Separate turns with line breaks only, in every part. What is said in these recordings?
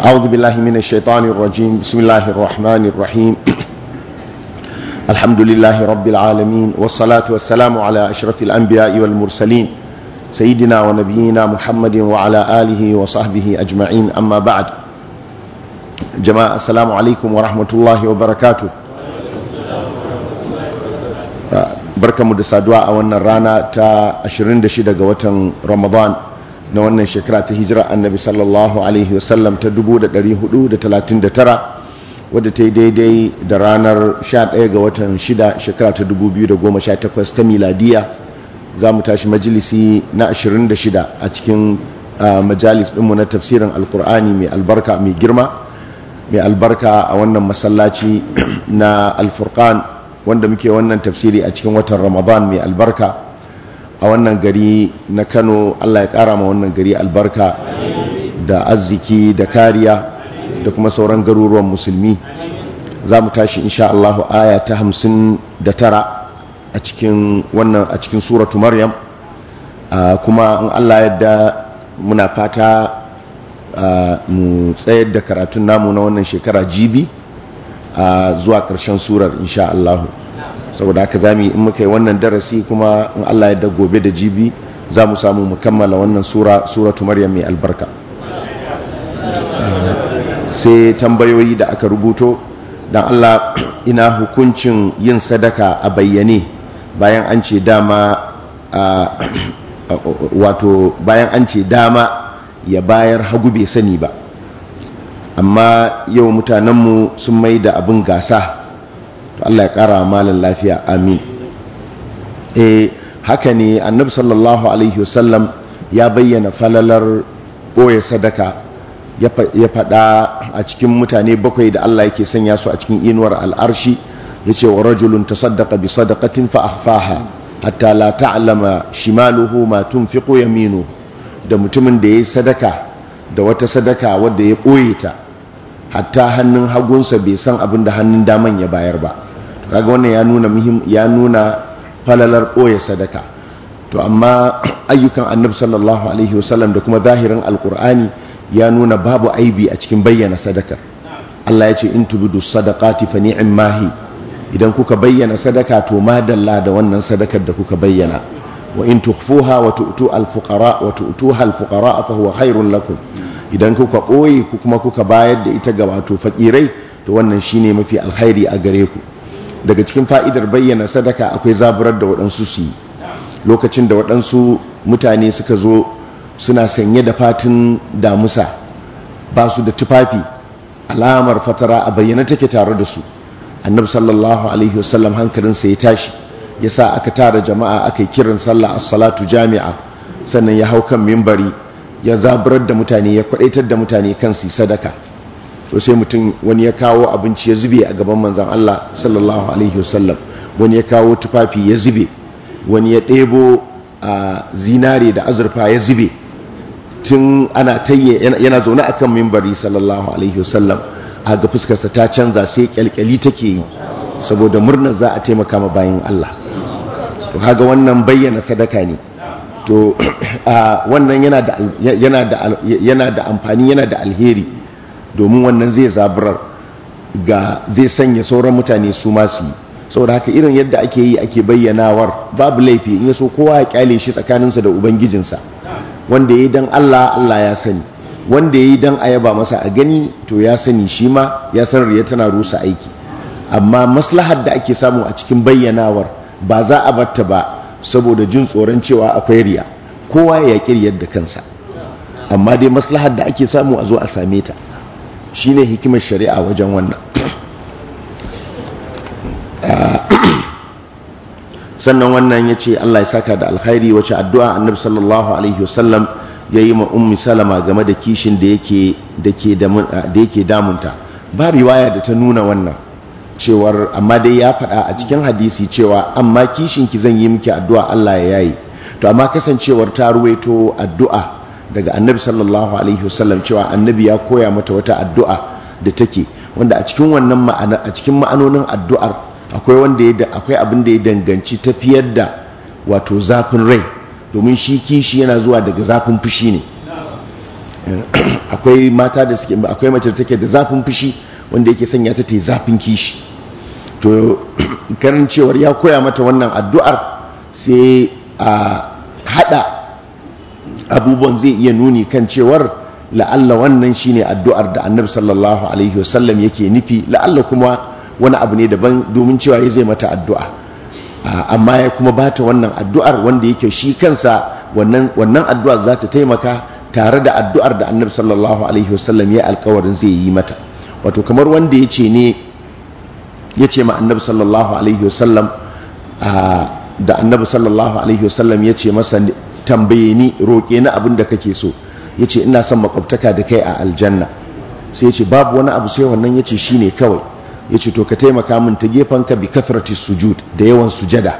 أعوذ بالله من الشيطان الرجيم بسم الله الرحمن الرحيم الحمد لله رب العالمين والصلاة والسلام على أشرف الأنبياء والمرسلين سيدنا ونبينا محمد وعلى آله وصحبه أجمعين أما بعد جماعة السلام عليكم ورحمة الله وبركاته بركة مدسة دعاء ونرانا تا 26 ga watan Ramadan na wannan shekara ta hijira annabi sallallahu alaihi wasallam ta 439 wadda ta yi daidai da ranar 11 ga watan 6 shekara ta 2018 ta miladiya za mu tashi majalisi na 26 a cikin majalis ɗinmu na tafsirin alkur'ani mai albarka mai girma mai albarka a wannan masallaci na alfurkan wanda muke wannan tafsiri a cikin watan ramadan mai albarka a wannan gari na kano allah ya kara ma wannan gari albarka da arziki da kariya da kuma sauran garuruwan musulmi za mu tashi insha allahu aya ta hamsin da tara a cikin wannan a cikin suratu maryam kuma in allah yadda muna fata mu tsayar da karatun namu na wannan shekara jibi zuwa ƙarshen surar insha allahu saboda haka za in muka yi wannan darasi kuma in Allah ya gobe da jibi za mu samu mu kammala wannan sura suratu maryam mai albarka sai tambayoyi da aka rubuto dan Allah ina hukuncin yin sadaka a bayyane bayan an ce dama wato bayan an ce dama ya bayar hagu bai sani ba amma yau mutanenmu sun mai da abin gasa Allah ya kara malin lafiya amin E, haka ne annabi sallallahu alaihi wasallam ya bayyana falalar boye sadaka ya faɗa a cikin mutane bakwai da Allah yake sanya su a cikin inuwar al'arshi ya ce wa rajulun sadaka bi sadakatin fa akhfaha hatta la ta'lama shimaluhu ma tunfiqu yaminu da mutumin da yayi sadaka da wata sadaka wadda ya ɓoye ta hatta hannun hagunsa bai san abin da hannun daman ya bayar ba kaga wannan ya nuna muhim ya nuna falalar ɓoye sadaka to amma ayyukan annabi sallallahu alaihi wasallam da kuma zahirin alkur'ani ya nuna babu aibi a cikin bayyana sadakar Allah ya ce in tubudu sadaqati fa ni'im mahi idan kuka bayyana sadaka to madalla da wannan sadakar da kuka bayyana wa in tukhfuha wa tu'tu al-fuqara wa tu'tuha al-fuqara fa huwa khairun lakum idan kuka ɓoye kuma kuka bayar da ita ga wato fakirai to wannan shine mafi alkhairi a gare ku daga cikin fa'idar bayyana sadaka akwai zaburar da waɗansu su yi lokacin da waɗansu mutane suka zo suna sanye da fatin damusa ba su da tufafi alamar fatara a bayyana take tare da su annabi sallallahu alaihi wasallam hankalinsa ya tashi ya sa aka tara jama'a aka yi kiran sallah a salatu jami'a sannan ya hau kan mimbari ya zaburar da mutane ya kwadaitar da mutane kan su sadaka to sai mutum wani ya kawo abinci ya zube a gaban manzan Allah sallallahu alaihi wasallam wani ya kawo tufafi ya zube wani ya ɗebo a zinare da azurfa ya zube tun ana tayye yana zaune a kan mimbari sallallahu alaihi wasallam a ga fuskarsa ta canza sai kyalkyali take yi saboda murnar za a taimaka ma bayan Allah to haga wannan bayyana sadaka ne to wannan yana da amfani yana da alheri domin wannan zai zaburar ga zai sanya sauran mutane su masu yi saboda haka irin yadda ake yi ake bayyanawar babu laifi in ya so kowa ya kyale shi tsakaninsa da ubangijinsa wanda ya yi don allah allah ya sani wanda ya yi don ayaba masa a gani to ya sani shi ma ya san riya tana rusa aiki amma maslahar da ake samu a cikin bayyanawar ba za a batta ba saboda jin tsoron cewa akwai riya kowa ya yaƙi yadda kansa amma dai maslahar da ake samu a zo a same ta Shi ne hikimar shari'a wajen wannan sannan wannan ya ce Allah ya saka da alkhairi wacce addu'a annabi sallallahu alaihi wasallam ya yi ma'ummi game da kishin da yake damunta ba riwaya da ta nuna wannan cewar amma dai ya faɗa a cikin hadisi cewa amma kishin ki zan yi miki addu'a Allah ya yayi to amma kasancewar ta ruwaito addu'a daga annabi sallallahu alaihi wasallam cewa annabi ya koya mata wata addu'a da take wanda a cikin wannan ma'ana a cikin ma'anonin addu'ar akwai wanda ya akwai abin da ya danganci tafiyar da wato zafin rai domin shi kishi yana zuwa daga zafin fushi ne eh, akwai mata da suke akwai mace da take da zafin fushi wanda yake sanya ta tai zafin kishi to karin cewar ya koya mata wannan addu'ar sai a hada abubuwan zai iya nuni kan cewar la'alla wannan shine addu'ar da annabi sallallahu alaihi wasallam yake nufi la'alla kuma wani abu ne daban domin cewa ya zai mata addu'a amma ya kuma bata wannan addu'ar wanda yake shi kansa wannan addu'ar za ta taimaka tare da addu'ar da annabi sallallahu alaihi wasallam ya alkawarin zai yi mata wato kamar wanda ya ce ne ya ce ma annabi sallallahu alaihi wasallam da annabi sallallahu alaihi wasallam ya ce masa tambaye ni roƙe na abin da kake so ya ce ina son makwabtaka da kai a aljanna sai ya ce babu wani abu sai wannan ya ce shi ne kawai ya ce to ka taimaka min ta gefen ka bi kathrati sujud da yawan sujada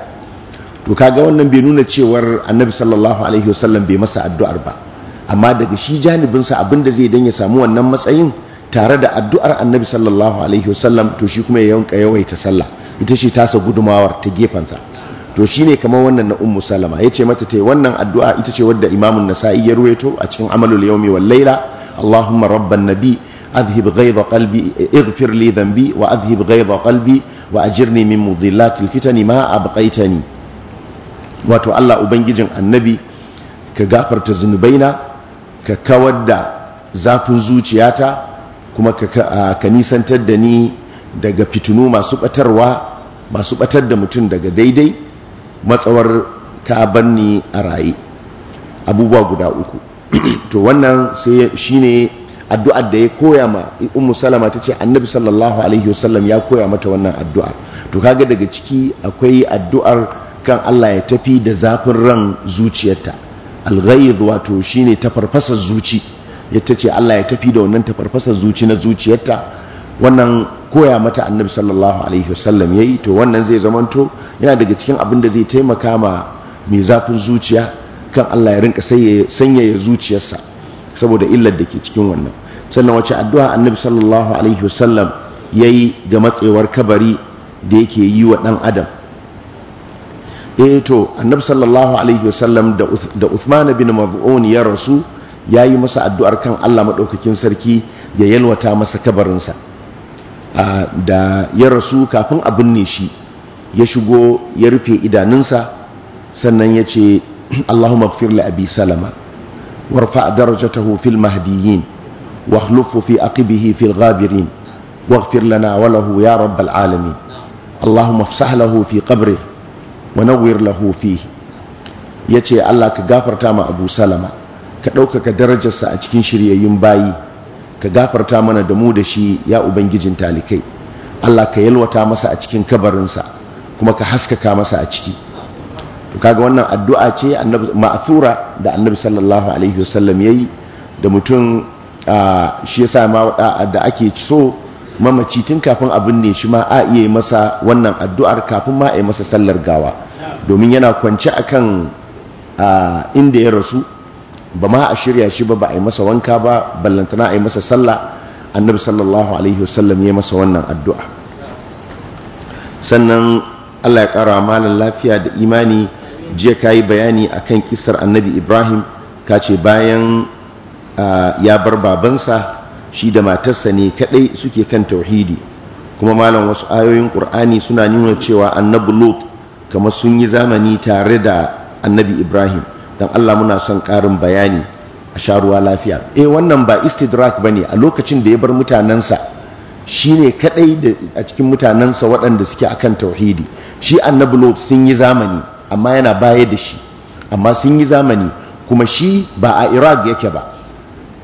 to kaga wannan bai nuna cewar annabi sallallahu alaihi wasallam bai masa addu'ar ba amma daga shi janibinsa abin da zai dan ya samu wannan matsayin tare da addu'ar annabi sallallahu alaihi wasallam to shi kuma ya yanka yawaita sallah ita ce tasa gudumawar ta gefensa to shi ne kamar wannan na ummu salama ce mata tai wannan addu'a ita ce wadda imamun nasa'i ya ruwaito a cikin amalul yawmi wal laila allahumma rabban nabi اذهب غيظ قلبي اغفر wa ذنبي واذهب غيظ قلبي واجرني من مضلات a ما ابقيتني wato Allah ubangijin annabi ka gafarta zunubaina ka kawar da zafin zuciyata kuma ka nisantar da ni daga fitinu masu batarwa masu batar da mutum daga daidai matsawar ka banni a raye abubuwa guda uku to wannan sai ne addu'ar da ya koya ma ummu salama ta ce annabi sallallahu alaihi wasallam ya koya mata wannan addu'ar to kaga daga ciki akwai addu'ar kan Allah ya tafi da zafin ran zuciyarta to wato shine tafarfasar zuci yace ce Allah ya tafi da wannan tafarfasar zuci na zuciyarta wannan koya mata annabi sallallahu alaihi wasallam yayi to wannan zai zamanto yana daga cikin abin da zai taimaka ma mai zafin zuciya kan Allah ya rinka sanyaya zuciyarsa saboda illar da ke cikin wannan sannan wace addu'a annabi sallallahu alaihi wasallam yayi ga matsewar kabari da yake yi wa dan adam eh to annabi sallallahu alaihi wasallam da da Uthman bin Maz'un ya rasu yayi masa addu'ar kan Allah madaukakin sarki ya yalwata masa kabarinsa da ya rasu kafin a binne shi ya shigo ya rufe idanunsa sannan ya ce allahumma gfir li abi salama warfa darajatahu fil mahdiyyin واخلفه في عقبه في الغابرين واغفر walahu ya rabbal رب العالمين اللهم افسح له في قبره ونور له Ya yace Allah ka gafarta ma Abu Salama ka ɗaukaka darajarsa a cikin shiryayyun bayi ka gafarta mana da mu da shi ya ubangijin talikai Allah ka yalwata masa a cikin kabarinsa kuma ka haskaka masa a ciki to kaga wannan addu'a ce ma'athura da annabi sallallahu alaihi wasallam yayi da mutum shi ya sa ma da ake so mamaci tun kafin abin ne shi ma a iya yi masa wannan addu'ar kafin ma a yi masa sallar gawa domin yana kwance akan inda ya rasu ba ma a shirya shi ba ba a yi masa wanka ba ballantana a yi masa sallah annabi sallallahu alaihi wasallam ya masa wannan addu'a sannan Allah ya kara malan lafiya da imani jiya ka yi bayani a kan kisar annabi Ibrahim ka ce bayan ya bar babansa shi da matarsa ne kadai suke kan tauhidi kuma malam wasu ayoyin Qur'ani suna nuna cewa annabi Lot kamar sun yi zamani tare da annabi Ibrahim don Allah muna son ƙarin bayani a sharuwa lafiya eh wannan ba istidrak ba ne a lokacin da ya bar mutanensa shi ne kaɗai a cikin mutanensa waɗanda suke a kan tauhidi shi annabi lot sun yi zamani amma yana baya da shi amma sun yi zamani kuma shi ba a iraq yake ba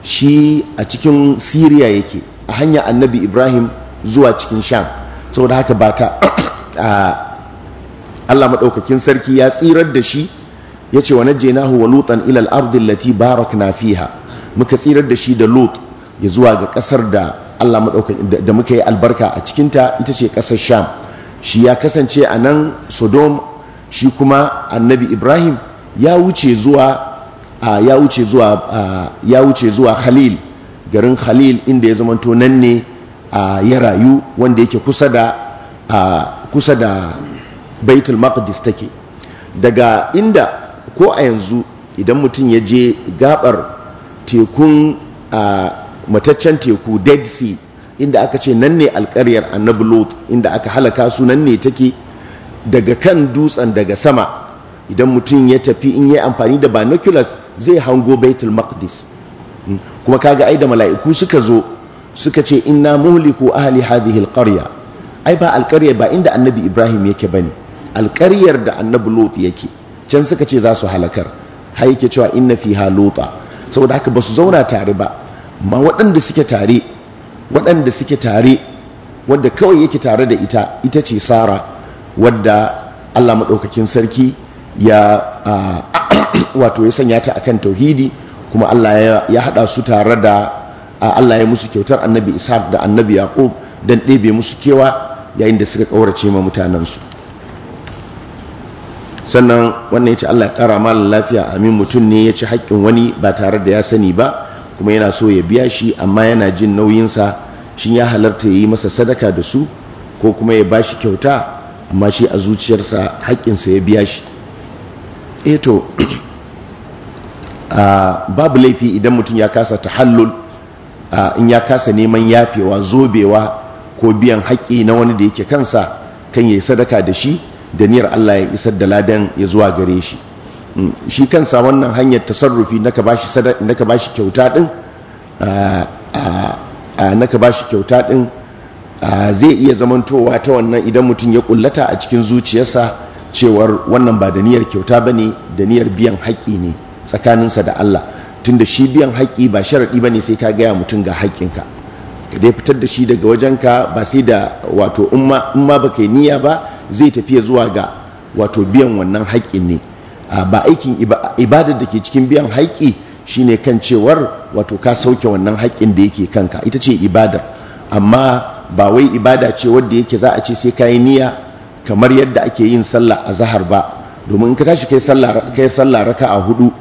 shi a cikin syria yake a hanyar annabi ibrahim zuwa cikin sham saboda haka ba ta Allah maɗaukakin sarki ya tsirar da shi Ya yace wa na wa lutan ila al Barak na fi fiha muka tsirar da shi da lut ya zuwa ga kasar da Allah da muka yi albarka a cikinta ita ce kasar sham shi ya kasance a nan sodom shi kuma annabi ibrahim ya wuce zuwa ya wuce zuwa ya wuce zuwa khalil garin khalil inda ya zamanto nan ne ya rayu wanda yake kusa da kusa da baitul maqdis take daga inda ko a yanzu idan mutum ya je gabar tekun a mataccen teku dead sea inda aka ce nan ne alkaryar annabi lot inda aka halaka su nan ne take daga kan dutsen daga sama idan mutum ya tafi in yi amfani da binoculars zai hango baitul maqdis hmm? kuma kaga ai da mala'iku suka zo suka ce inna muhliku ahli hadhihi alqarya ai ba alqarya ba inda annabi ibrahim yake bane alqaryar da annabi lot yake can suka ce za su halakar har yake cewa inna fi halota saboda haka ba su zauna tare ba ma waɗanda suke tare waɗanda suke tare wadda kawai yake tare da ita ita ce sara wadda allah maɗaukakin sarki ya wato ya sanya ta akan tauhidi kuma allah ya haɗa su tare da allah ya musu kyautar annabi ishaq da annabi yaqub dan ɗebe musu kewa yayin da suka ƙaurace ma mutanensu sannan wannan ya ce Allah kara malam lafiya amin mutum ne ya ci haƙƙin wani ba tare da ya sani ba kuma yana so ya biya shi amma yana jin nauyinsa shi ya halarta ya yi masa sadaka da su ko kuma ya ba shi kyauta amma shi a zuciyarsa haƙƙinsa ya biya shi eto eh babu laifi idan mutum ya kasa ta tahallul in ya kasa neman yafewa zobewa ko biyan haƙƙi na wani da yake kansa kan ya yi sadaka da shi da niyar Allah ya isar da ladan ya zuwa gare shi mm, shi kan sa wannan hanyar tasarrufi naka bashi naka bashi kyauta din naka zai iya zamantowa ta wannan idan mutum ya kullata a cikin zuciyarsa cewar wannan ba da niyar kyauta bane da niyar biyan haƙƙi ne tsakaninsa da Allah tunda shi biyan haƙƙi ba sharaɗi bane sai ka gaya mutum ga haƙƙinka ka dai fitar da shi daga wajenka ba sai da wato in ma baka yi niyya ba zai tafiya zuwa ga wato biyan wannan haƙƙin ne ba aikin ibadar da ke cikin biyan haƙƙi shine kan cewar wato ka sauke wannan haƙƙin da yake kanka ita ce ibadar amma ba wai ibada ce wadda yake za a ce sai kayi niyya kamar yadda ake yin sallah a zahar ba domin in ka tashi kai sallah raka a hudu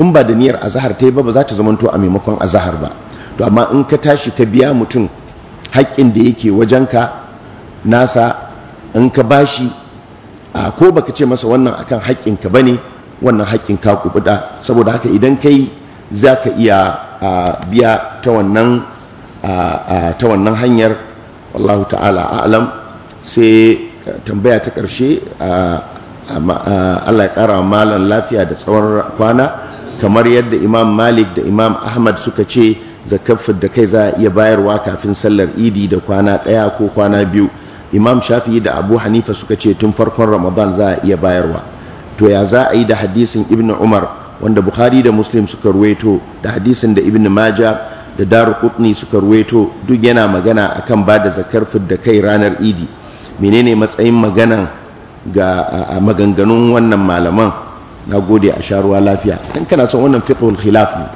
in ba da niyyar azahar ta yi ba ba za ta zamanto a maimakon azahar ba to amma in ka tashi ka biya mutum haƙƙin da yake wajenka nasa in ka bashi a ko baka ce masa wannan akan haƙƙinka bane wannan haƙƙin ka kubuda saboda haka idan kai za ka iya biya ta wannan ta hanyar wallahu ta'ala a'lam sai tambaya ta ƙarshe Allah ya ƙara malan lafiya da tsawon kwana kamar yadda imam malik da imam ahmad suka ce zakar da kai za a iya bayarwa kafin sallar idi da kwana ɗaya ko kwana biyu imam shafi'i da abu hanifa suka ce tun farkon ramadan za a iya bayarwa to ya za a yi da hadisin ibn umar wanda bukhari da muslim suka ruweto da hadisin da ibn maja da daru kutni suka ruweto duk yana magana akan ba da zakar da kai ranar idi menene matsayin maganan ga maganganun wannan malaman na gode a sharuwa lafiya kan kana son wannan fiqhul khilaf ne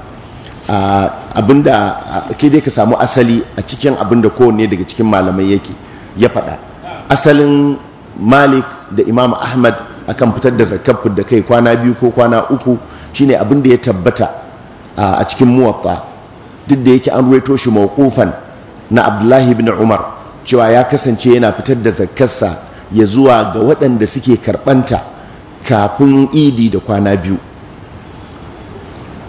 abinda ke dai ka samu asali a cikin abinda kowanne daga cikin malamai yake ya faɗa asalin malik da imam ahmad akan fitar da zakar da kai kwana biyu ko kwana uku shine abinda ya tabbata a cikin muwatta duk da yake an ruwaito shi mawqufan na abdullahi bin umar cewa ya kasance yana fitar da zakarsa ya zuwa ga waɗanda suke karɓanta kafin idi da kwana biyu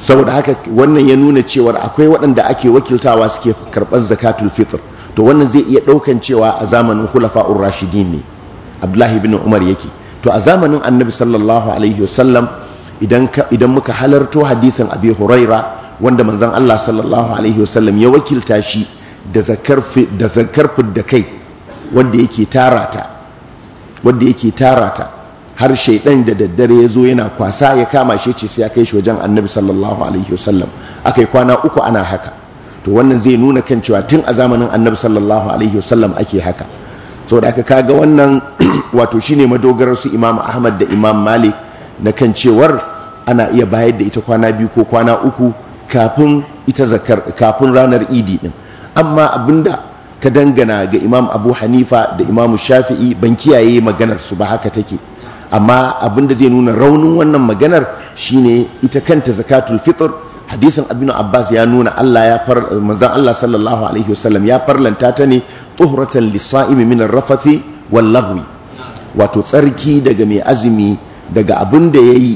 saboda haka wannan ya nuna cewar akwai waɗanda ake wakiltawa suke karɓar zakatul fitr to wannan zai iya ɗaukan cewa a zamanin hulafa, rashidin ne abdullahi bin umar yake to a zamanin annabi sallallahu alaihi wasallam idan muka halarto hadisin abi huraira wanda manzon Allah sallallahu alaihi wasallam ya wakilta shi da zakar da kai wanda yake tara wanda yake tarata har shaidan da daddare ya zo yana kwasa ya kama shi ce sai ya kai shi wajen annabi sallallahu alaihi wasallam aka yi kwana uku ana haka to wannan zai nuna kan cewa tun a zamanin annabi sallallahu alaihi wasallam ake haka saboda aka kaga wannan wato shine madogarar su imam ahmad da imam malik na kan cewar ana iya bayar da ita kwana biyu ko kwana uku kafin ita zakar kafin ranar idi din amma abinda ka dangana ga imam abu hanifa da imam shafi'i ban kiyaye maganar su ba haka take amma abin da zai nuna raunin wannan maganar shine ita kanta zakatul fitr hadisin abin abbas ya nuna allah ya far manzon allah sallallahu alaihi wasallam ya farlanta ta ne tuhratan lisa'imi min Rafafi, wal lagwi wato tsarki daga mai azumi daga abin da ya yi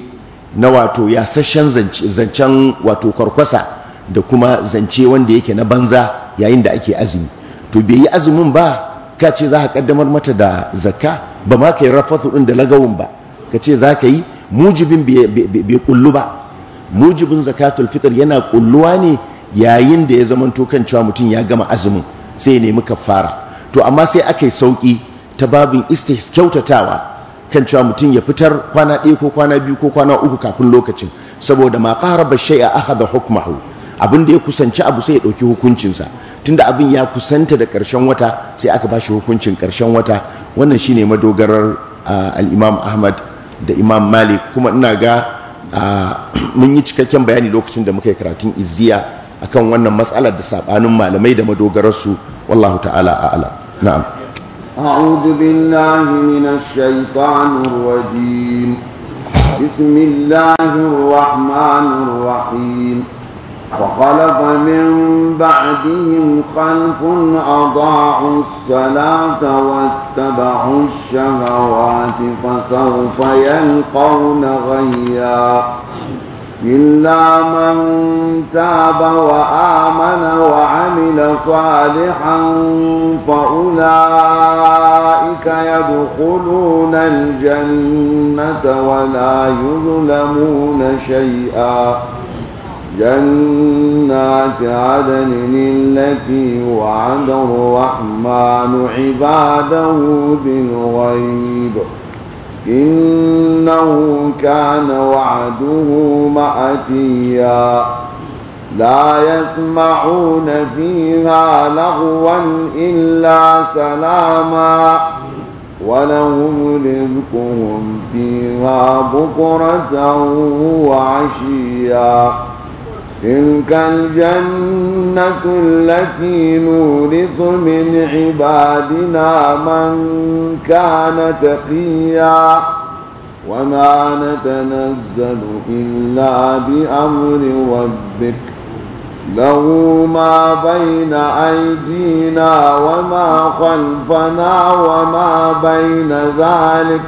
na wato ya sashen zancen wato kwarkwasa da kuma zance wanda yake na banza yayin da ake azumi to bai yi azumin ba ka ce za ka kaddamar mata da zakka ba ma ka yi rafathu ɗin da lagawun ba ka ce za ka yi mujibin bai kullu ba mujibin zakatul fitar yana kulluwa ne yayin da ya zamanto kan cewa mutum ya gama azumin sai ya nemi kafara to amma sai aka yi sauki ta babin istis kyautatawa kan cewa mutum ya fitar kwana ɗaya ko kwana biyu ko kwana uku kafin lokacin saboda ma a aka da hukumahu. abin da ya kusanci abu sai ya ɗauki hukuncinsa tunda abin ya kusanta da ƙarshen wata sai aka ba shi hukuncin ƙarshen wata wannan shine madogarar al'imam ahmad da imam malik kuma ina ga mun yi cikakken bayani lokacin da muka yi karatun izziya akan wannan matsalar da saɓanin malamai da madogararsu wallahu ta'ala a'ala na'am
بسم وخلف من بعدهم خلف أضاعوا الصلاة واتبعوا الشهوات فسوف يلقون غيا إلا من تاب وآمن وعمل صالحا فأولئك يدخلون الجنة ولا يظلمون شيئا جنات عدن التي وعد الرحمن عباده بالغيب إنه كان وعده مأتيا لا يسمعون فيها لغوا إلا سلاما ولهم رزقهم فيها بكرة وعشيا تلك الجنة التي نورث من عبادنا من كان تقيا وما نتنزل إلا بأمر ربك له ما بين أيدينا وما خلفنا وما بين ذلك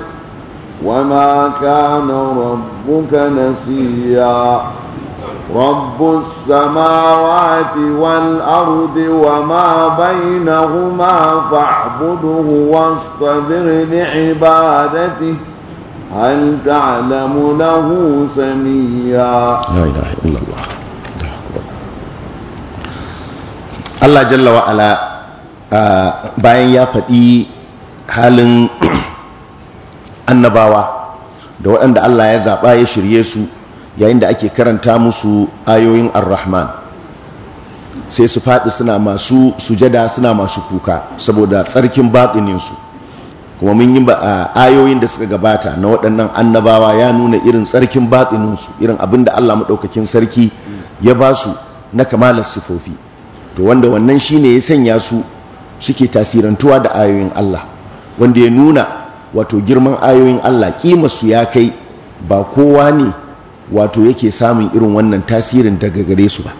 وما كان ربك نسيا رب السماوات والأرض وما بينهما فاعبده واصطبر لعبادته هل تعلم له سميا
لا إله إلا الله Allah jalla wa'ala bayan ya faɗi halin annabawa da waɗanda Allah ya zaɓa ya shirye su yayin da ake karanta musu ayoyin ar-rahman sai su faɗi suna masu sujada suna masu kuka saboda tsarkin baƙininsu kuma mun yi ayoyin da suka gabata na waɗannan annabawa ya nuna irin tsarkin baƙininsu irin abin da allah maɗaukakin sarki ya ba su na kamalar sifofi to wanda wannan shine ya sanya su suke tasirantuwa da ayoyin allah wanda ya nuna wato girman ayoyin allah ƙimarsu ya kai ba kowa ne wato yake samun irin wannan tasirin daga gare su ba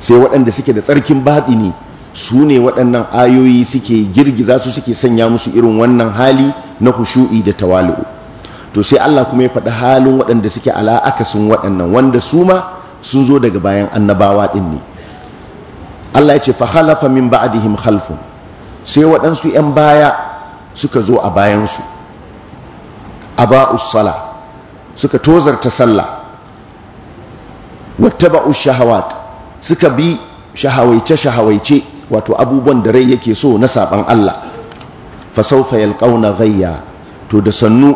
sai waɗanda suke da tsarkin ne su ne waɗannan ayoyi suke girgiza su suke sanya musu irin wannan hali na hushu'i da tawali'u to sai Allah kuma ya faɗi halin waɗanda suke ala akasin waɗannan wanda su ma sun zo daga bayan annabawa ɗin ne Allah ya ce fa halafa min ba'dihim khalfun sai waɗansu 'yan baya suka zo a bayansu ba'us sala suka tozarta sallah wataba shahawat suka bi shahawaice shahawaice wato abubuwan da rai yake so na saban Allah fa sawfa yalqauna ghayya to da sannu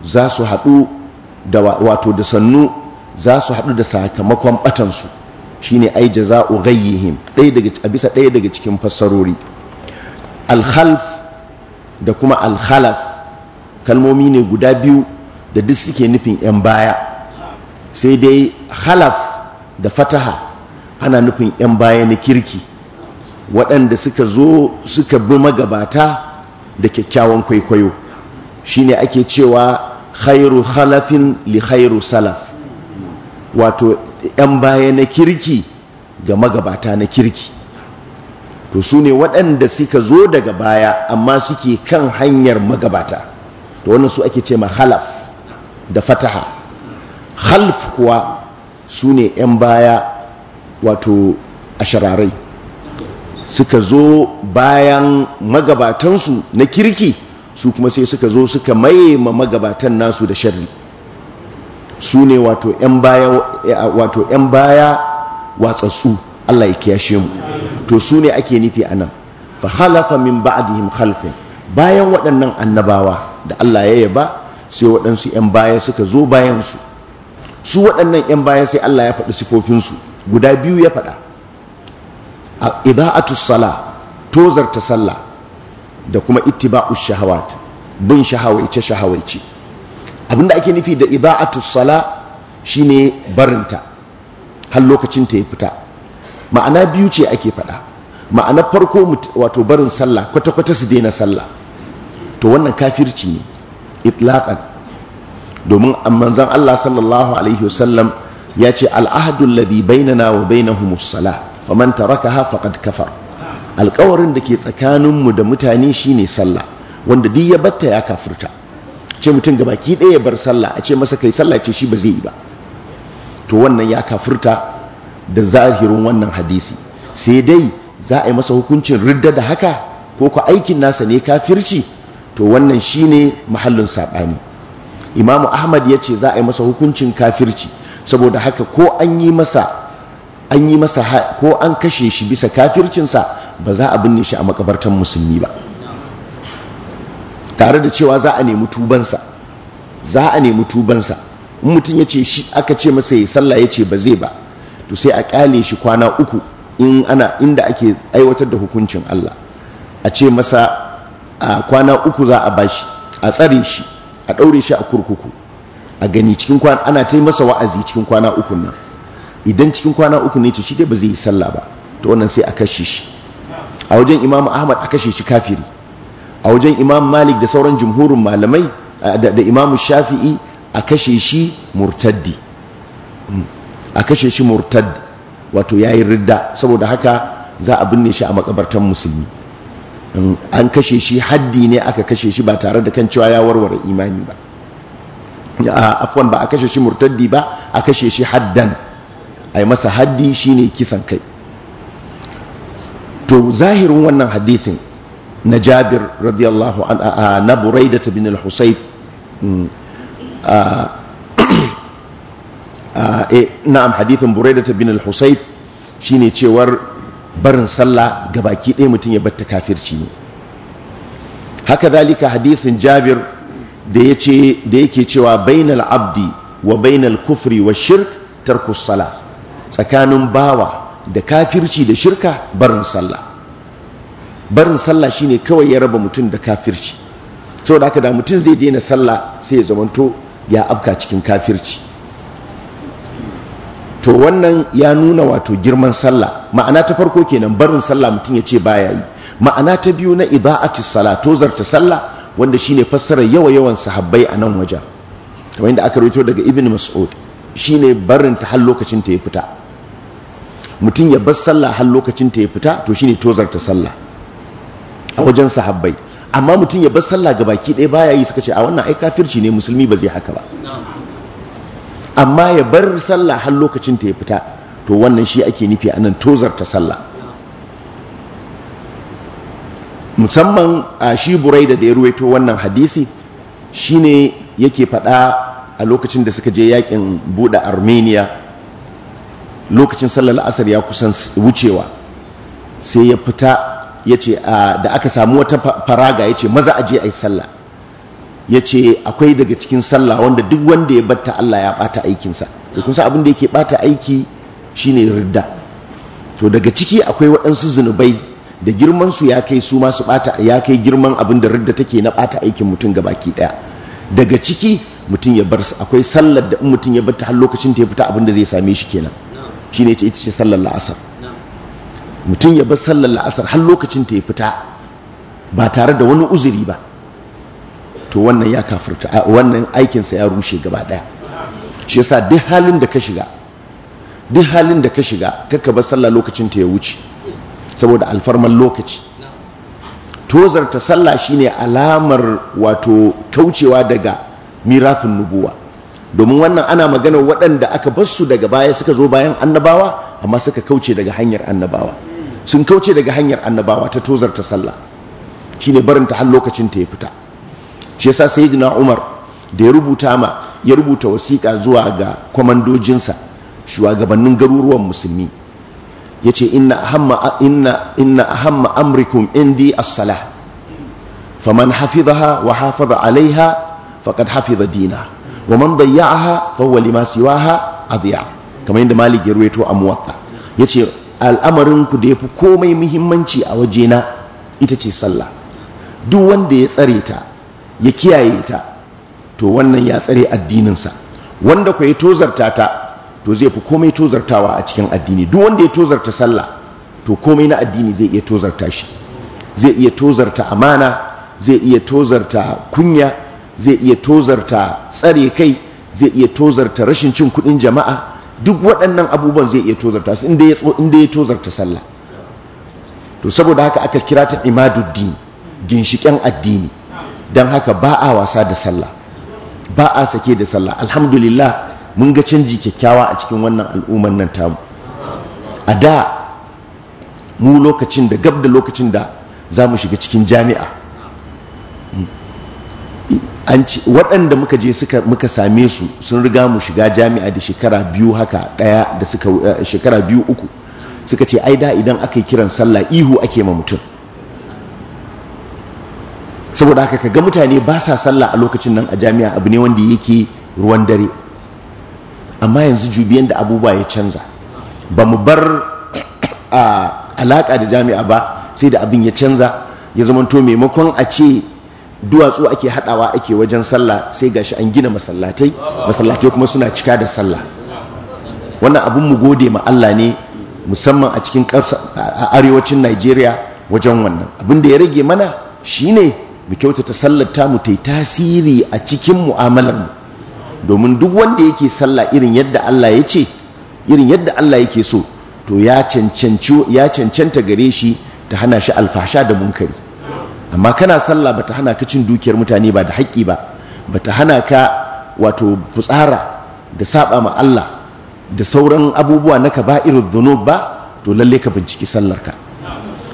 za su haɗu da wato da sannu za su haɗu da sakamakon su shine ai jaza'u ghayyihim ɗaya daga a bisa ɗaya daga cikin fassarori alhalf da kuma alkhalaf kalmomi ne guda biyu da duk suke nufin 'yan baya sai dai khalaf. da fataha ana nufin 'yan baya na kirki waɗanda suka zo suka bi magabata da kyakkyawan kwaikwayo shine ake cewa khairu halafin li khairu salaf wato 'yan baya na kirki ga magabata na kirki to su ne waɗanda suka zo daga baya amma suke kan hanyar magabata to wannan su ake ce ma halaf da fataha khalf kuwa su ne 'yan baya wato shararai suka zo bayan magabatansu na kirki su kuma sai suka zo suka maye ma magabatan nasu da sharri su ne wato 'yan baya watsatsu Allah ya kiyashe mu to su ne ake nufi a nan fa halafa min ba'dihim khalfin bayan waɗannan annabawa da Allah ya yaba sai waɗansu 'yan baya suka zo bayansu su waɗannan 'yan bayan sai Allah ya faɗi sifofinsu guda biyu ya faɗa a idha'atu sala tozarta sallah da kuma ittiba'u shahawat bin shahawaice shahawaice abinda ake nufi da idha'atu sala shine barinta har lokacinta ya fita ma'ana biyu ce ake faɗa ma'ana farko wato barin sallah kwata-kwata su daina sallah to wannan kafirci ne itlaqan domin manzon Allah sallallahu alaihi wasallam ya ce al'ahadu alladhi bainana wa bainahum Sala. salah faman tarakaha faqad kafar alƙawarin da ke tsakaninmu da mutane shine sallah wanda duk ya batta ya kafirta ce mutum ga baki ɗaya bar sallah a ce masa kai sallah ce shi ba zai yi ba to wannan ya kafirta da zahirin wannan hadisi sai dai za a yi masa hukuncin ridda da haka ko ku aikin nasa ne kafirci to wannan shine mahallin saɓani imamu ahmad ya ce za a yi masa hukuncin kafirci saboda haka ko an yi masa an yi masa ko an kashe shi bisa kafircinsa ba za a binne shi a makabartan musulmi ba tare da cewa za a nemi tubansa za a nemi tubansa in mutum ya ce shi aka ce masa ya sallah ya ce ba zai ba to sai a kyale shi kwana uku inda ake aiwatar da hukuncin Allah a ce masa a kwana uku za a bashi a tsare shi a ɗaure shi a kurkuku a gani cikin kwana ana ta masa wa'azi cikin kwana uku nan idan cikin kwana uku ne ce shi dai ba zai yi sallah ba to wannan sai a kashe shi a wajen imamu ahmad a kashe shi kafiri a wajen imam malik da sauran jumhurin malamai da imamu shafi'i a kashe shi murtaddi hmm. a kashe shi murtaddi wato yayin ridda saboda haka za a binne shi a makabartan musulmi an kashe shi haddi ne aka kashe shi ba tare da kan cewa ya warware imani ba afwan ba a kashe shi murtaddi ba a kashe shi haddan a yi masa haddi shine kisan kai to zahirin wannan hadisin na jabir radiyallahu an na buraidata bin al-husayb mm, eh, na'am hadithin buraidata bin al-husayb shine cewar barin sallah ga baki ɗaya mutum ya batta kafirci ne haka zalika hadisin jabir da yake cewa bainal abdi wa bainal kufri wa shirk tarkus sala tsakanin bawa da kafirci da shirka barin sallah barin sallah shine kawai ya raba mutum da kafirci saboda haka da mutum zai daina sallah sai ya zamanto ya afka cikin kafirci to wannan ya nuna wato girman sallah ma'ana ta farko kenan barin sallah mutum ya ce baya yi ma'ana ta biyu na idha'atis salah tozarta sallah wanda shine fassarar yawa yawan sahabbai a nan wajen kamar yadda aka rawaito daga ibn mas'ud shine barin ta har lokacin ta ya fita mutum ya bar sallah har lokacin ta ya fita to shine tozarta sallah a wajen sahabbai amma mutum ya bar sallah ga baki ɗaya baya yi suka ce a wannan ai kafirci ne musulmi ba zai haka ba amma ya bar sallah har lokacin ta ya fita to wannan shi ake nufi a nan tozarta sallah musamman a shi burai da ya ruwaito wannan hadisi shine yake faɗa a lokacin da suka je yakin buɗe armenia lokacin sallar la'asar ya kusan wucewa sai ya fita ya ce da aka samu wata faraga ya ce maza aje a yi sallah ya ce akwai daga cikin sallah wanda duk wanda ya batta Allah ya bata aikinsa da kun abin da yake bata aiki shine ridda to daga ciki akwai waɗansu zunubai da girman su ya kai su masu bata ya kai girman abin da ridda take na bata aikin mutum gabaki daya daga ciki mutum ya bar akwai sallar da mutum ya batta har lokacin ta ya fita abin da zai same shi kenan shine ita ce sallar la'asar mutum ya bar sallar la'asar har lokacin ta ya fita ba tare da wani uzuri ba to wannan ya kafirta wannan aikinsa ya rushe gaba daya shi yasa duk halin da ka shiga duk halin da ka shiga kakka bar sallah lokacin ta ya wuce saboda alfarman lokaci tozarta sallah shine alamar wato kaucewa daga mirafin nubuwa domin wannan ana magana waɗanda aka basu daga baya suka zo bayan annabawa amma suka kauce daga hanyar annabawa sun kauce daga hanyar annabawa ta tozarta sallah shine barin ta har lokacin ta ya fita shi yasa sayyidina umar da ya rubuta ma ya rubuta wasiƙa zuwa ga kwamandojinsa shugabannin garuruwan musulmi ya ce inna ahamma amrikum indi as-salah faman hafizaha wa hafaza alaiha faqad hafiza dina wa man dayya'aha fa huwa lima siwaha adhiya kamar yadda malik ya ruwaito a muwatta yace al'amarin ku da ya fi komai muhimmanci a waje na, ita ce sallah duk wanda ya tsare ta ya kiyaye ta to wannan ya tsare addininsa wanda ku yi tozarta ta to zai fi komai tozartawa a cikin addini duk wanda ya tozarta sallah to komai na addini zai iya tozarta shi zai iya tozarta amana zai iya tozarta kunya zai iya tozarta tsare kai zai iya tozarta rashin cin kudin jama'a duk waɗannan abubuwan zai iya tozarta su inda ya tozarta sallah to saboda haka aka kira ta imaduddin ginshiƙen addini don haka ba a wasa da sallah ba a sake da sallah alhamdulillah mun ga canji kyakkyawa a cikin wannan al'ummar nan tamu a da mu lokacin da gab da lokacin da za mu shiga cikin jami'a waɗanda muka je muka same su sun riga mu shiga jami'a da shekara biyu haka ɗaya da eh, shekara biyu uku suka ce ai da idan aka yi kiran sallah ihu ake ma mutum saboda haka ka ga mutane ba sa sallah a lokacin nan a jami'a abu ne wanda yake ruwan dare amma yanzu jubiyan da abubuwa ya canza ba mu bar a alaka da jami'a ba sai da abin ya canza ya zama to maimakon a ce duwatsu ake hadawa ake wajen sallah sai gashi an gina masallatai masallatai kuma suna cika da sallah wannan abin mu gode ma Allah ne musamman a cikin arewacin Najeriya wajen wannan abin da ya rage mana shine mu kyautata sallar ta mu ta tasiri a cikin mu'amalar mu domin duk wanda yake sallah irin yadda Allah ya ce irin yadda Allah yake so to ya cancanci ya cancanta gare shi ta hana shi alfasha da munkari amma kana sallah bata hana ka cin dukiyar mutane ba da haƙƙi ba bata hana ka wato fitsara da saba ma Allah da sauran abubuwa na ka ba irin dhunub ba to lalle ka binciki sallar ka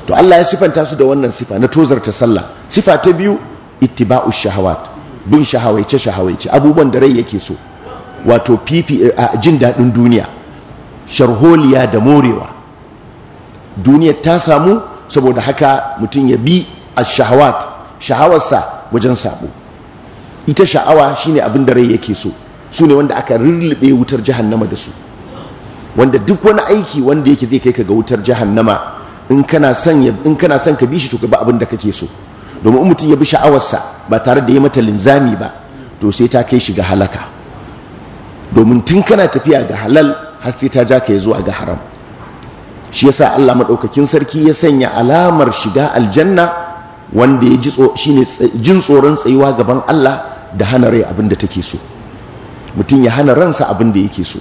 to Allah ya sifanta su da wannan sifa na tozarta sallah sifa ta biyu ittiba'u shahawat bin shahawaice shahawaice abubuwan da rai yake so wato fifi a jin daɗin duniya sharholiya da morewa duniya ta samu saboda haka mutum ya bi a shahawat shahawarsa wajen sabo ita sha'awa shine abin da rai yake so su ne wanda aka rirlube wutar jahannama da su wanda duk wani aiki wanda yake zai kai ka ga wutar jahannama in kana son ka bi shi to ka bi abin da kake so domin in mutum ya bi sha'awarsa ba tare da ya mata linzami ba to sai ta kai shi ga halaka domin tun kana tafiya ga halal har sai ta ja ka ya zuwa ga haram shi yasa Allah madaukakin sarki ya sanya alamar shiga aljanna wanda ya ji shine jin tsoron tsayuwa gaban Allah da hana rai abin da take so mutum ya hana ransa abin da yake so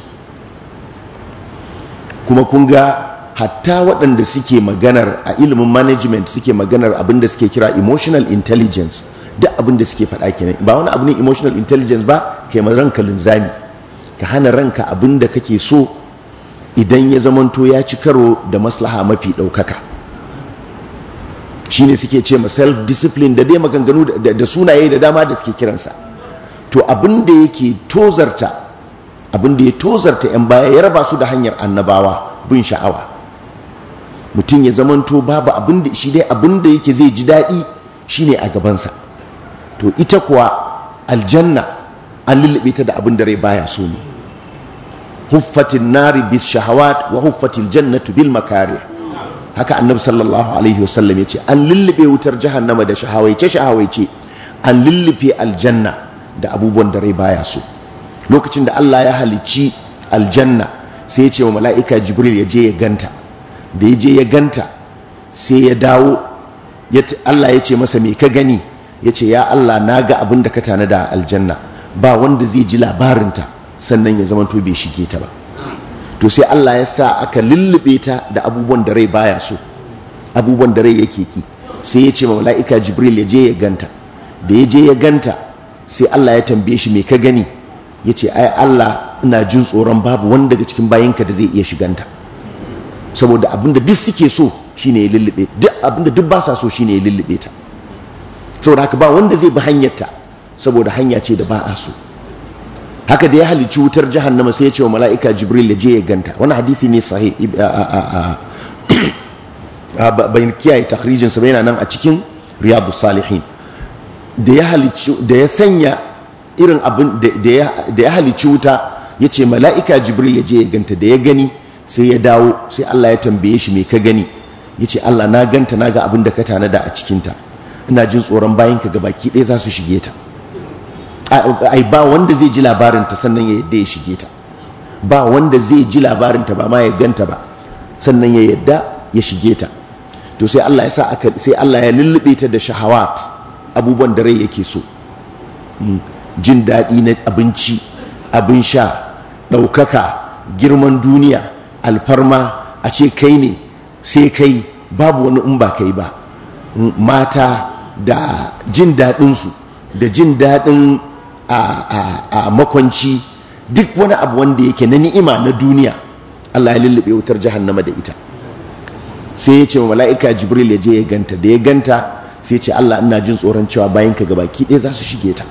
kuma kun ga hatta waɗanda suke maganar a ilimin management suke maganar abin da suke kira emotional intelligence duk abin da suke faɗa kenan ba wani abu ne emotional intelligence ba kai ma ranka linzami ka hana ranka abin da kake so idan ya zamanto ya ci karo da maslaha mafi ɗaukaka shine suke ce ma self discipline da dai maganganu da sunaye da dama da suke kiransa to abin da yake tozarta abin da ya tozarta 'yan baya ya raba su da hanyar annabawa bin sha'awa mutum ya zamanto babu abin shi dai abin da yake zai ji daɗi shine a gabansa to ita kuwa aljanna an lullube ta da abin da rai baya so ne huffatin nari bis shahawat wa huffatin jannatu bil makarih haka annabi sallallahu alaihi wasallam yace an lullube wutar jahannama da shahawaice shahawaice an lullufe aljanna da abubuwan da rai baya so lokacin da Allah ya halicci aljanna sai ya ce wa mala'ika jibril ya je ya ganta da ya je ya ganta sai ya dawo Allah ya ce masa mai ka gani ya ce ya Allah na ga abin da ka tana da aljanna ba wanda zai ji labarinta sannan ya zamanto bai shige ta ba to sai Allah ya sa aka lullube ta da abubuwan da rai baya so abubuwan da rai yake ki sai ya ce ma mala'ika jibril ya je ya ganta da ya je ya ganta sai Allah ya tambaye shi mai ka gani ya ce ai Allah ina jin tsoron babu wanda daga cikin bayinka da zai iya shiganta saboda abinda duk suke so shine ya lullube duk abinda duk ba sa so shine ya lullube ta saboda haka ba wanda zai bi hanyarta saboda hanya ce da ba a so haka da ya halicci wutar jahannama sai ya ce wa mala'ika jibril ya je ya ganta wani hadisi ne sahih bayan kiyaye takhrijin sa yana nan a cikin riyadu salihin da ya halicci da ya sanya irin abin da ya halicci wuta ya ce mala'ika jibril ya je ya ganta da ya gani sai ya dawo sai Allah ya tambaye shi me ka gani yace Allah na ganta na ga abin da ka tanada a cikinta ina jin tsoron bayan ka gabaki ɗaya za su shige ta ai ba wanda zai ji labarin ta sannan ya yadda ya shige ta ba wanda zai ji labarin ta ba ma ya ganta ba sannan ya yadda ya shige ta to sai Allah ya sa sai Allah ya lullube ta da shahawat abubuwan da rai yake so hmm, jin daɗi na abinci abin sha ɗaukaka girman duniya alfarma a ce kai ne sai kai babu wani in ba kai ba mata da jin daɗinsu da jin daɗin a makwanci duk wani abu wanda yake na ni'ima na duniya Allah ya lullube wutar jahannama da ita sai ya ce mala'ika jibril ya je ya ganta da ya ganta sai ya ce Allah ina jin tsoron cewa bayan ka gaba ɗaya za su shige ta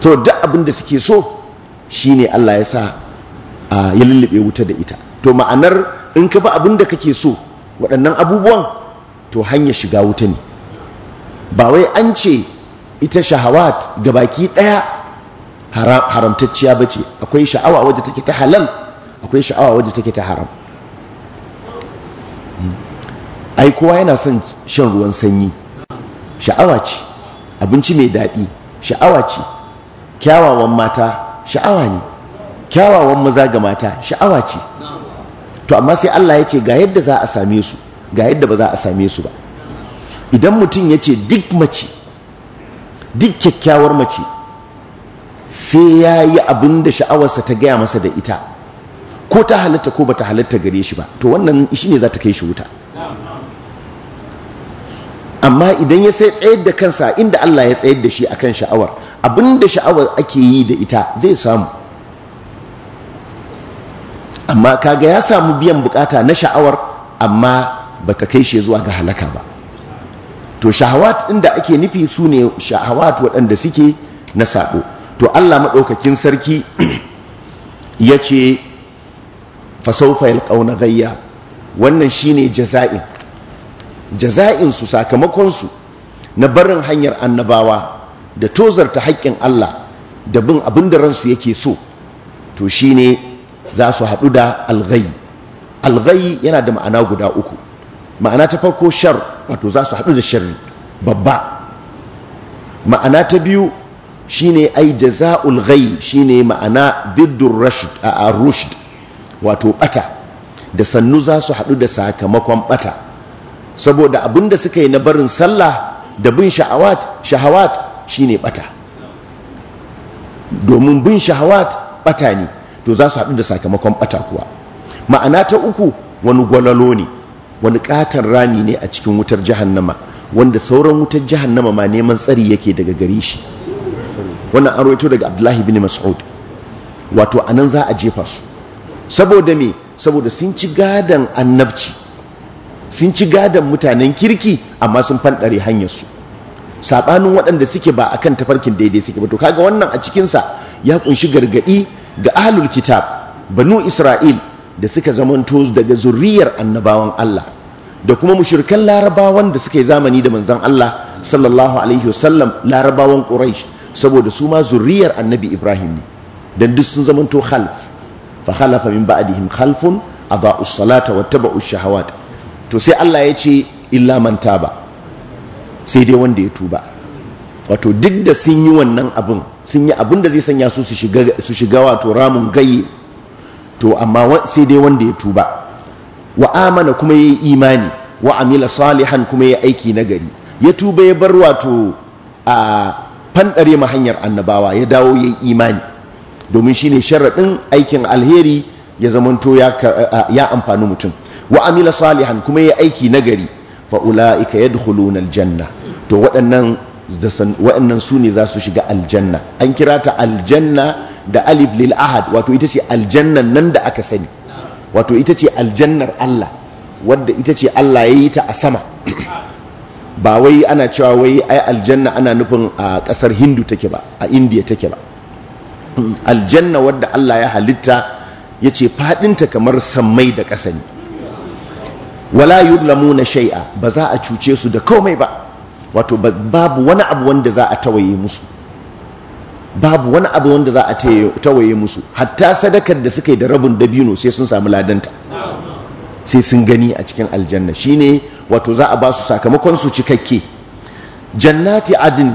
to duk abin da suke so shine Allah ya sa ya lullube wuta da ita to ma'anar in ka ba abin da kake so waɗannan abubuwan to hanya shiga wuta ne ba wai an ce ita shahawat baki ɗaya haramtacciya ba ce akwai sha'awa wadda take ta halal akwai sha'awa wadda take ta haram ai kowa yana son shan ruwan sanyi sha'awa ce abinci mai daɗi sha'awa ce kyawawan mata sha'awa ne kyawawan maza ga mata sha'awa ce to amma sai Allah ya ce ga yadda za a same su ga yadda ba za a same su ba idan mutum ya ce duk mace duk kyakkyawar mace sai ya yi abin da sha'awarsa ta gaya masa da ita ko ta halatta ko ba ta halatta gare shi ba to wannan shi ne za ta kai shi wuta amma idan ya sai tsayar da kansa inda Allah ya tsayar da shi akan sha'awar abin da sha'awar ake yi da ita zai samu amma kaga ya samu biyan bukata na sha'awar amma baka kai shi zuwa ga halaka ba to shahawat din da ake nufi su ne shahawat waɗanda suke na saɓo to Allah maɗaukakin sarki ya ce fasaufa yalƙauna gayya wannan shine jaza'in jaza'in su sakamakonsu na barin hanyar annabawa da tozarta haƙƙin Allah da bin abin da ransu yake so to shi ne. za su haɗu da algai algai yana da ma'ana guda uku ma'ana ta farko shar wato za su haɗu da shari babba ma'ana ta biyu shine ai jaza'ul shine ma'ana diddur rashd a rushd wato ɓata. da sannu za su haɗu da sakamakon ɓata. saboda abinda suka yi na barin sallah da bin sha'awat shahawat shine ɓata. domin bin shahawat ɓata ne to za su haɗu da sakamakon ɓata kuwa ma'ana ta uku wani gwalalo ne wani ƙaton rami ne a cikin wutar jahannama wanda sauran wutar jahannama ma neman tsari yake daga gare shi wannan an rawaito daga abdullahi bin mas'ud wato a nan za a jefa su saboda me saboda sun ci gadon annabci sun ci gadon mutanen kirki amma sun fanɗare hanyarsu saɓanin waɗanda suke ba a kan tafarkin daidai suke ba to kaga wannan a cikinsa ya ƙunshi gargaɗi ga ahlul kitab banu isra'il da suka zamanto daga zuriyar annabawan Allah da kuma mushrikan larabawan da suka yi zamani da manzon Allah sallallahu alaihi wasallam larabawan quraish saboda su ma zuriyar annabi ibrahim ne dan duk sun zamanto khalf fa khalafa min ba'dihim khalfun adha'u salata wattaba'u shahawat to sai Allah ya ce illa man taba sai dai wanda ya tuba wato duk da sun yi wannan abin sun yi abin da zai sanya su su shiga wato ramin gayi to amma sai dai wanda ya tuba wa amana kuma ya yi imani wa amila salihan kuma ya aiki nagari ya tuba ya bar wato a fanɗare ma hanyar annabawa ya dawo ya yi imani domin shi shine sharaɗin aikin alheri ya zamanto ya amfani mutum wa amila salihan kuma ya aiki nagari fa'ula'ika ya dukhulun janna? to waɗannan waɗannan su ne za su shiga aljanna an kira ta aljanna da alif lil ahad wato ita ce aljannan nan da aka sani wato ita ce aljannar Allah wadda ita ce Allah ya yi ta a sama ba wai ana cewa wai ai aljanna ana nufin a ƙasar hindu take ba a indiya take ba aljanna wadda Allah ya halitta ya ce faɗinta kamar sammai da ƙasa ne wala na shai'a ba za a cuce su da komai ba wato babu wani abu wanda za a tawaye musu babu wani abu wanda za a tawaye musu hatta sadakar da suka yi da rabin dabino sai sun samu ladanta sai sun gani a cikin aljanna shine wato za a ba su sakamakon su cikakke jannati adin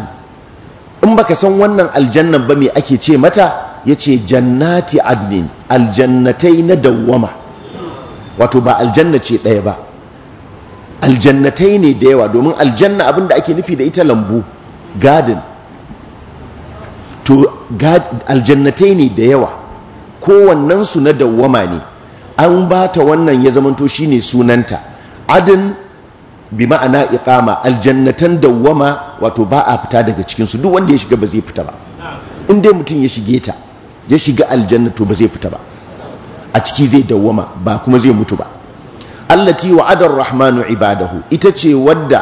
in baka san wannan aljannan ba me ake ce mata Ya ce jannati adin aljannatai na dawwama wato ba aljanna ce ɗaya ba aljannatai ne da yawa domin aljanna abinda ake nufi da ita lambu garden to aljannatai ne da yawa su na dawwama ne an ba ta wannan ya zamanto ne sunanta adin bi ma'ana ikama aljannatan dawwama wato ba a fita daga cikinsu duk wanda ya shiga ba zai fita ba in dai mutum ya shige ta ya shiga aljanna to ba zai fita ba a ciki zai dawwama ba kuma zai mutu ba allati wa'ada ar-rahmanu ibadahu ita ce wadda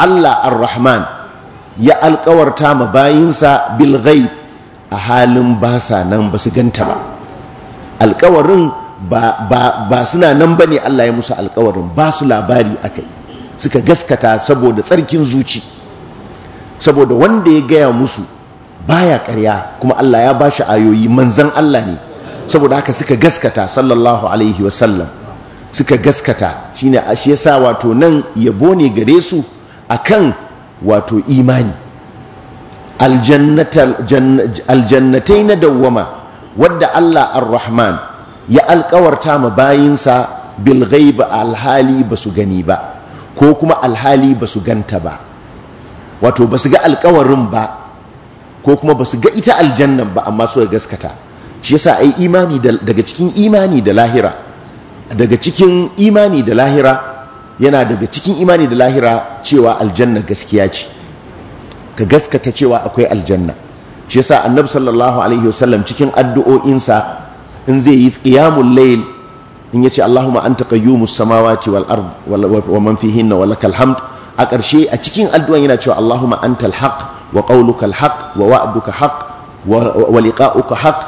Allah ar-rahman ya alkawarta ma bayinsa bil ghaib a halin ba sa nan ba su ganta ba alkawarin ba suna nan ba ne Allah ya musu alkawarin ba su labari akai suka gaskata saboda tsarkin zuci saboda wanda ya gaya musu baya karya kuma Allah ya bashi ayoyi manzan Allah ne saboda haka suka gaskata sallallahu alaihi wasallam suka gaskata shi shine ashe yasa wato nan yabo ne gare su akan wato imani aljannatai na dawwama wadda Allah ar-Rahman ya alkawarta ma bayinsa bilgai ba alhali su gani ba ko kuma alhali ba su ganta ba wato ba su ga alkawarin ba ko kuma ba su ga ita aljannan ba amma suka gaskata shi yasa ai imani daga cikin imani da lahira daga cikin imani da lahira yana daga cikin imani da lahira cewa aljanna gaskiya ce ka gaskata cewa akwai aljanna shi yasa annabi sallallahu alaihi wasallam cikin addu'o'insa in zai yi qiyamul layl in yace allahumma anta qayyumus samawati wal ard wa man fihinna wa lakal hamd a ƙarshe a cikin addu'an yana cewa allahumma antal haqq wa qawlukal haqq wa wa'duka haqq wa liqa'uka haqq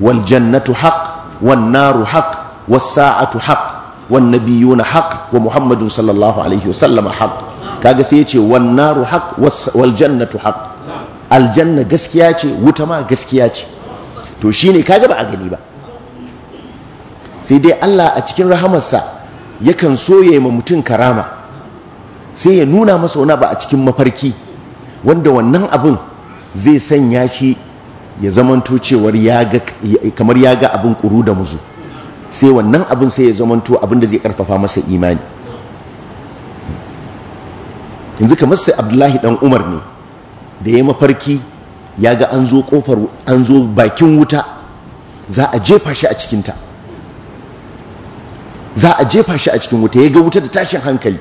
wal jannatu haqq wan naru haqq wasa'atu saatu na wan nabiyuna haqq wa muhammadun sallallahu alaihi wasallam haqq kaga sai yace wan naru haqq wal jannatu aljanna gaskiya ce wuta ma gaskiya ce to shine kaga ba a gani ba sai dai Allah a cikin rahamarsa yakan so ya ma mutum karama sai ya nuna masa wani ba a cikin mafarki wanda wannan abin zai sanya shi ya zamanto cewar kamar ya ga abin ƙuru da muzu sai wannan abin sai ya zamanto abin da zai karfafa masa imani yanzu kamar sai abdullahi dan umar ne da ya mafarki ya ga an zo kofar an zo bakin wuta za a jefa shi a cikinta za a jefa shi a cikin wuta ya ga wuta da tashin hankali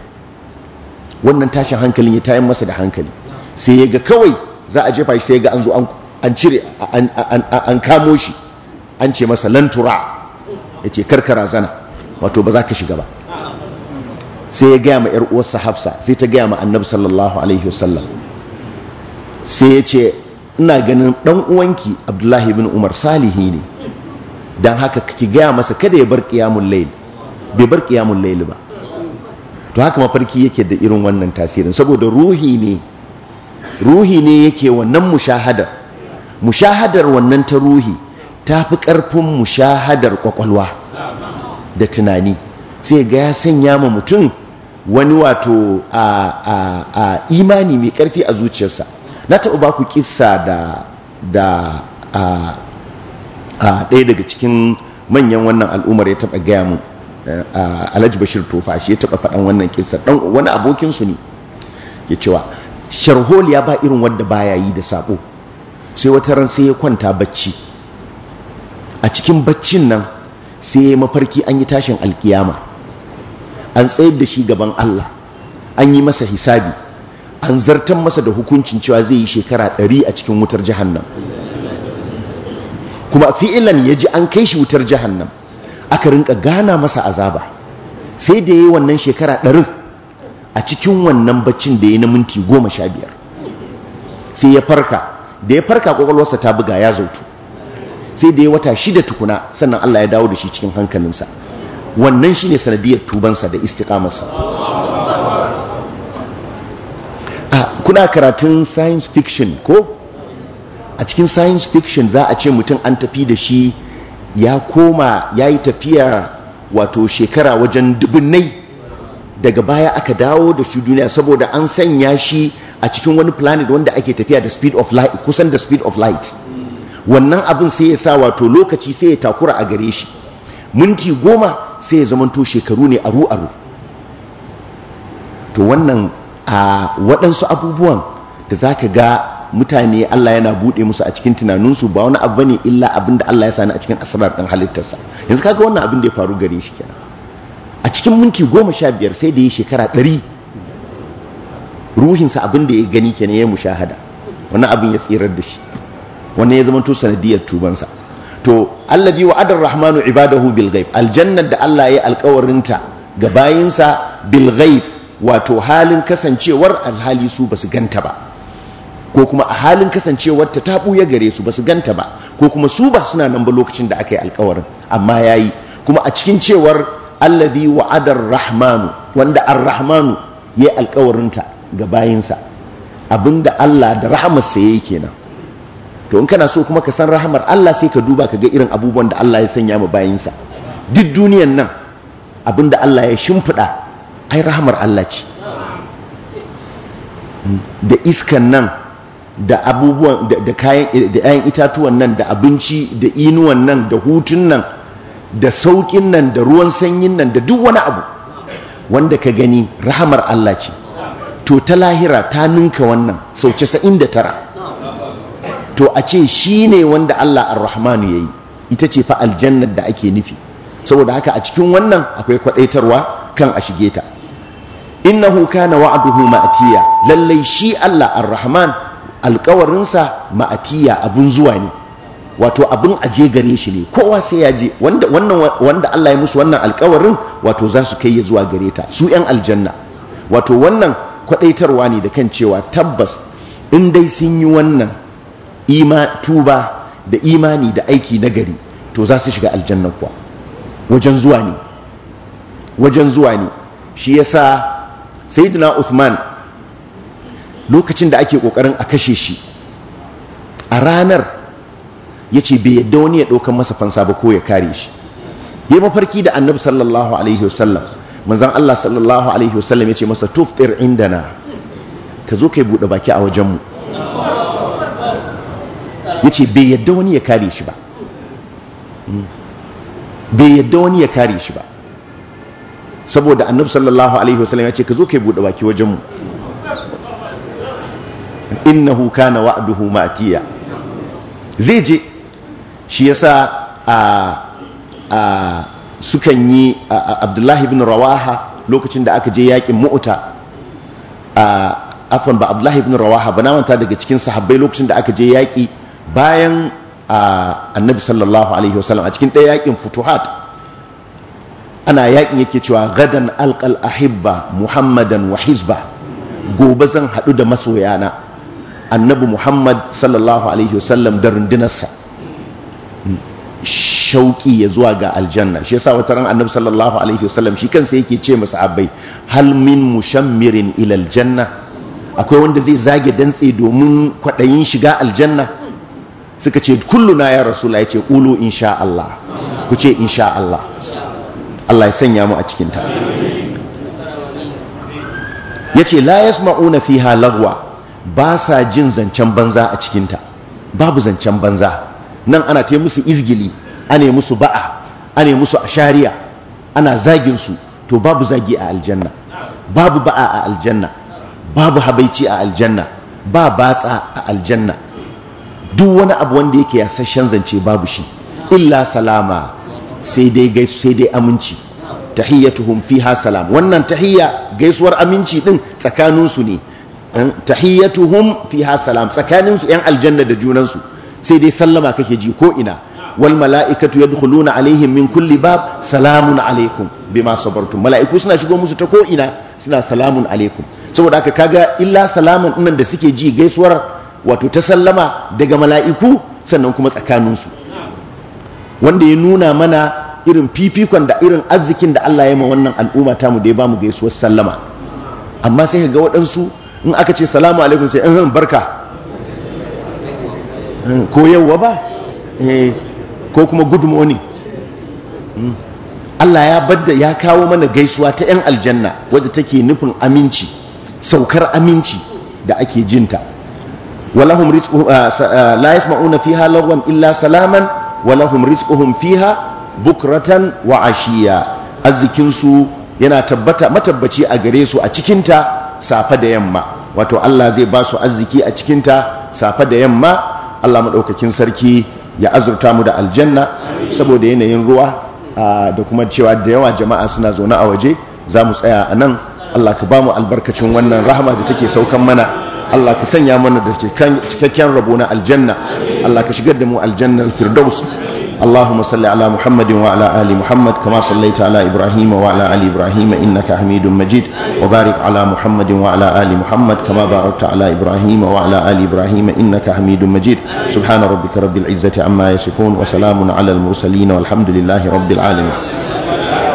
wannan tashin hankalin ya tayan masa da hankali sai ya ga kawai za a jefa shi sai ya ga an zo an cire an kamo shi an ce masa lantura ya ce karkara zana wato ba za ka shiga ba sai ya gaya ma 'yar uwarsa hafsa sai ta gaya ma annabi sallallahu alaihi wasallam sai ya ce ina ganin dan uwanki abdullahi bin umar salihi ne don haka ki gaya masa kada ya bar kiyamun laili bai bar kiyamun laili ba to haka mafarki yake da irin wannan tasirin saboda ruhi ne ruhi ne yake wannan mushahadar mushahadar wannan ta ruhi ta fi ƙarfin mushahadar ƙwaƙwalwa da tunani sai ga ya sanya ma mutum wani wato a imani mai ƙarfi a zuciyarsa na taɓa ba ku kisa da ɗaya daga cikin manyan wannan al'umar ya taɓa gaya mu alhaji bashir tofa shi ya taɓa faɗan wannan kisa ɗan wani abokinsu ne ke cewa sharhol ya ba irin wadda baya yi da sabo sai wata ran sai ya kwanta bacci a cikin baccin nan sai ya mafarki an yi tashin alkiyama an tsayar da shi gaban Allah an yi masa hisabi an zartan masa da hukuncin cewa zai yi shekara ɗari a cikin wutar jahannam kuma fi'ilan ya ji an kai shi wutar jahannam aka rinka gana masa azaba sai da ya yi wannan shekara ɗarin a cikin wannan baccin da ya na minti goma sha biyar sai ya farka da ya farka kwakwalwarsa ta buga ya zautu sai da ya wata shida tukuna sannan Allah ya dawo da shi cikin hankalinsa wannan shine sanadiyar tubansa da istiqamarsa kuna karatun science fiction ko a cikin science fiction za a ce mutum an tafi da shi ya koma ya yi tafiya wato shekara wajen dubunnai daga baya aka dawo da shi duniya saboda an sanya shi a cikin wani planet wanda ake tafiya da speed of light kusan da speed of light wannan abin sai ya sa wato lokaci sai ya takura a gare shi minti goma sai ya zamanto shekaru ne aru-aru to wannan a waɗansu abubuwan da za ka ga mutane Allah yana buɗe musu a cikin tunaninsu ba wani abu ne illa abin da Allah ya sani a cikin asarar ɗan halittarsa yanzu kaga wannan abin da ya faru gare shi kenan a cikin minti goma sha biyar sai da ya shekara ɗari ruhinsa abin da ya gani kenan ya mushahada wani abin ya tsirar da shi wannan ya zama to sanadiyar tubansa to allah wa'adar rahmanu ibadahu bil ghaib aljannar da Allah ya alƙawarin ta ga bayinsa bil ghaib wato halin kasancewar alhali su basu ganta ba ko kuma a halin kasancewar ta tabu ya gare su basu ganta ba ko kuma su ba suna nan ba lokacin da aka yi alkawarin. amma yayi kuma a cikin cewar alladhi wa'adar rahmanu wanda ar-rahmanu ya alƙawarin ta ga bayinsa abinda Allah da rahamarsa yake kenan to in kana so kuma ka san rahamar Allah sai ka duba ka ga irin abubuwan da Allah ya sanya ma bayinsa duk duniyan nan abin da Allah ya shimfiɗa ai rahamar Allah ce da iskan nan da abubuwan da kayan da itatuwan nan da abinci da inuwan nan da hutun nan da sauƙin nan da ruwan sanyin nan da duk wani abu wanda ka gani rahamar Allah ce to ta lahira ta ninka wannan sau 99 to a ce shi ne wanda Allah ar-rahmanu ya yi ita ce fa aljannar da ake nufi saboda haka a cikin wannan akwai kwadaitarwa kan a shige ta innahu kana wa'aduhu ma'tiya lallai shi Allah ar-rahman alƙawarinsa ma'atiya abun zuwa ne wato abin aje gare shi ne kowa sai ya je wanda Allah ya musu wannan alƙawarin wato za su kai ya zuwa gare ta su yan aljanna wato wannan kwadaitarwa ne da kan cewa tabbas in dai sun yi wannan ima tuba da imani da aiki nagari to za su shiga aljanna kuwa wajen zuwa ne wajen zuwa ne shi ya sa, sayyidina Usman, lokacin da ake kokarin a kashe shi a ranar ya ce bai yadda wani ya ɗaukan masa fansa ba ko ya kare shi Ya yi mafarki da Annabi sallallahu alaihi wasallam manzon Allah sallallahu alaihi wasallam yace masa tuftir indana ka zo yi buɗe baki a wajenmu ya ce bai yadda wani ya kare shi ba hmm. bai yadda wani ya kare shi ba saboda annab sallallahu alaihi wasallam ya ce ka zo kai buɗe baki wajenmu innahu kana wa'aduhu ma'tiya zai je shi ya a a sukan yi abdullahi bin rawaha lokacin da aka je yakin mu'uta a afan ba abdullahi bin rawaha ba na manta daga cikin sahabbai lokacin da aka je yaki bayan annabi sallallahu alaihi wasallam a cikin ɗaya yakin futuhat ana yakin yake cewa gadan alƙal ahibba muhammadan wa hizba gobe zan haɗu da masoyana annabi muhammad sallallahu alaihi wasallam da rundunarsa shauƙi ya zuwa ga aljanna shi yasa wata ran annabi sallallahu alaihi wasallam shi kansa yake ce masa abai hal min mushammirin ila aljanna akwai wanda zai zage dantse domin kwaɗayin shiga aljanna suka ce kulluna ya rasula ya ce ƙulu insha Allah ku ce insha Allah Allah ya sanya mu a cikinta ya ce la yasma'una fi lagwa ba sa jin zancen banza a cikinta babu zancen banza nan ana ta musu izgili ana musu ba'a ana musu ashariya ana zaginsu, to babu zagi a aljanna babu ba'a a aljanna babu habaici a aljanna ba batsa a aljanna duk wani abu wanda yake yasashen zance babu shi illa salama sai dai gaisu sai dai aminci tahiyyatuhum fiha salam wannan tahiyya gaisuwar aminci din tsakanin su ne eh, tahiyyatuhum fiha salam tsakanin su yan aljanna da junansu. sai dai sallama kake ji ko ina wal mala'ikatu yadkhuluna alaihim min kulli bab salamun alaikum bima sabartum mala'iku suna shigo musu ta ko ina suna salamun alaikum saboda haka kaga illa salaman nan da suke ji gaisuwar wato ta sallama daga mala'iku sannan kuma tsakaninsu wanda ya nuna mana irin fifikon da irin arzikin da Allah ya ma wannan al'umma ta mu da ya bamu gaisuwar sallama amma sai ga waɗansu in aka ce salamu alaikum sai in eh, barka eh, ko yauwa ba eh, ko kuma good hmm. Allah ya badda ya kawo mana gaisuwa ta 'yan aljanna wadda take nufin aminci saukar aminci da ake jinta ولهم rizquhum لا يسمعون fiha لغوا illa salaman ولهم رزقهم fiha bukratan وعشيا ashiya سو yana tabbata matabbaci a gare su a cikin ta da yamma wato Allah zai ba su arziki a cikin ta safa da yamma Allah madaukakin sarki ya azurta mu da aljanna saboda yanayin ruwa da kuma cewa da yawa jama'a suna zaune a waje za mu tsaya a nan Allah ka ba mu albarkacin wannan rahama da take saukan mana Allah ka sanya mana da cikakken rabo na aljanna Allah ka shigar da mu aljannar firdaus اللهم صل على محمد وعلى آل محمد كما صليت على إبراهيم وعلى آل إبراهيم إنك حميد مجيد وبارك على محمد وعلى آل محمد كما باركت على إبراهيم وعلى آل إبراهيم إنك حميد مجيد سبحان ربك رب العزة عما يصفون وسلام على المرسلين والحمد لله رب العالمين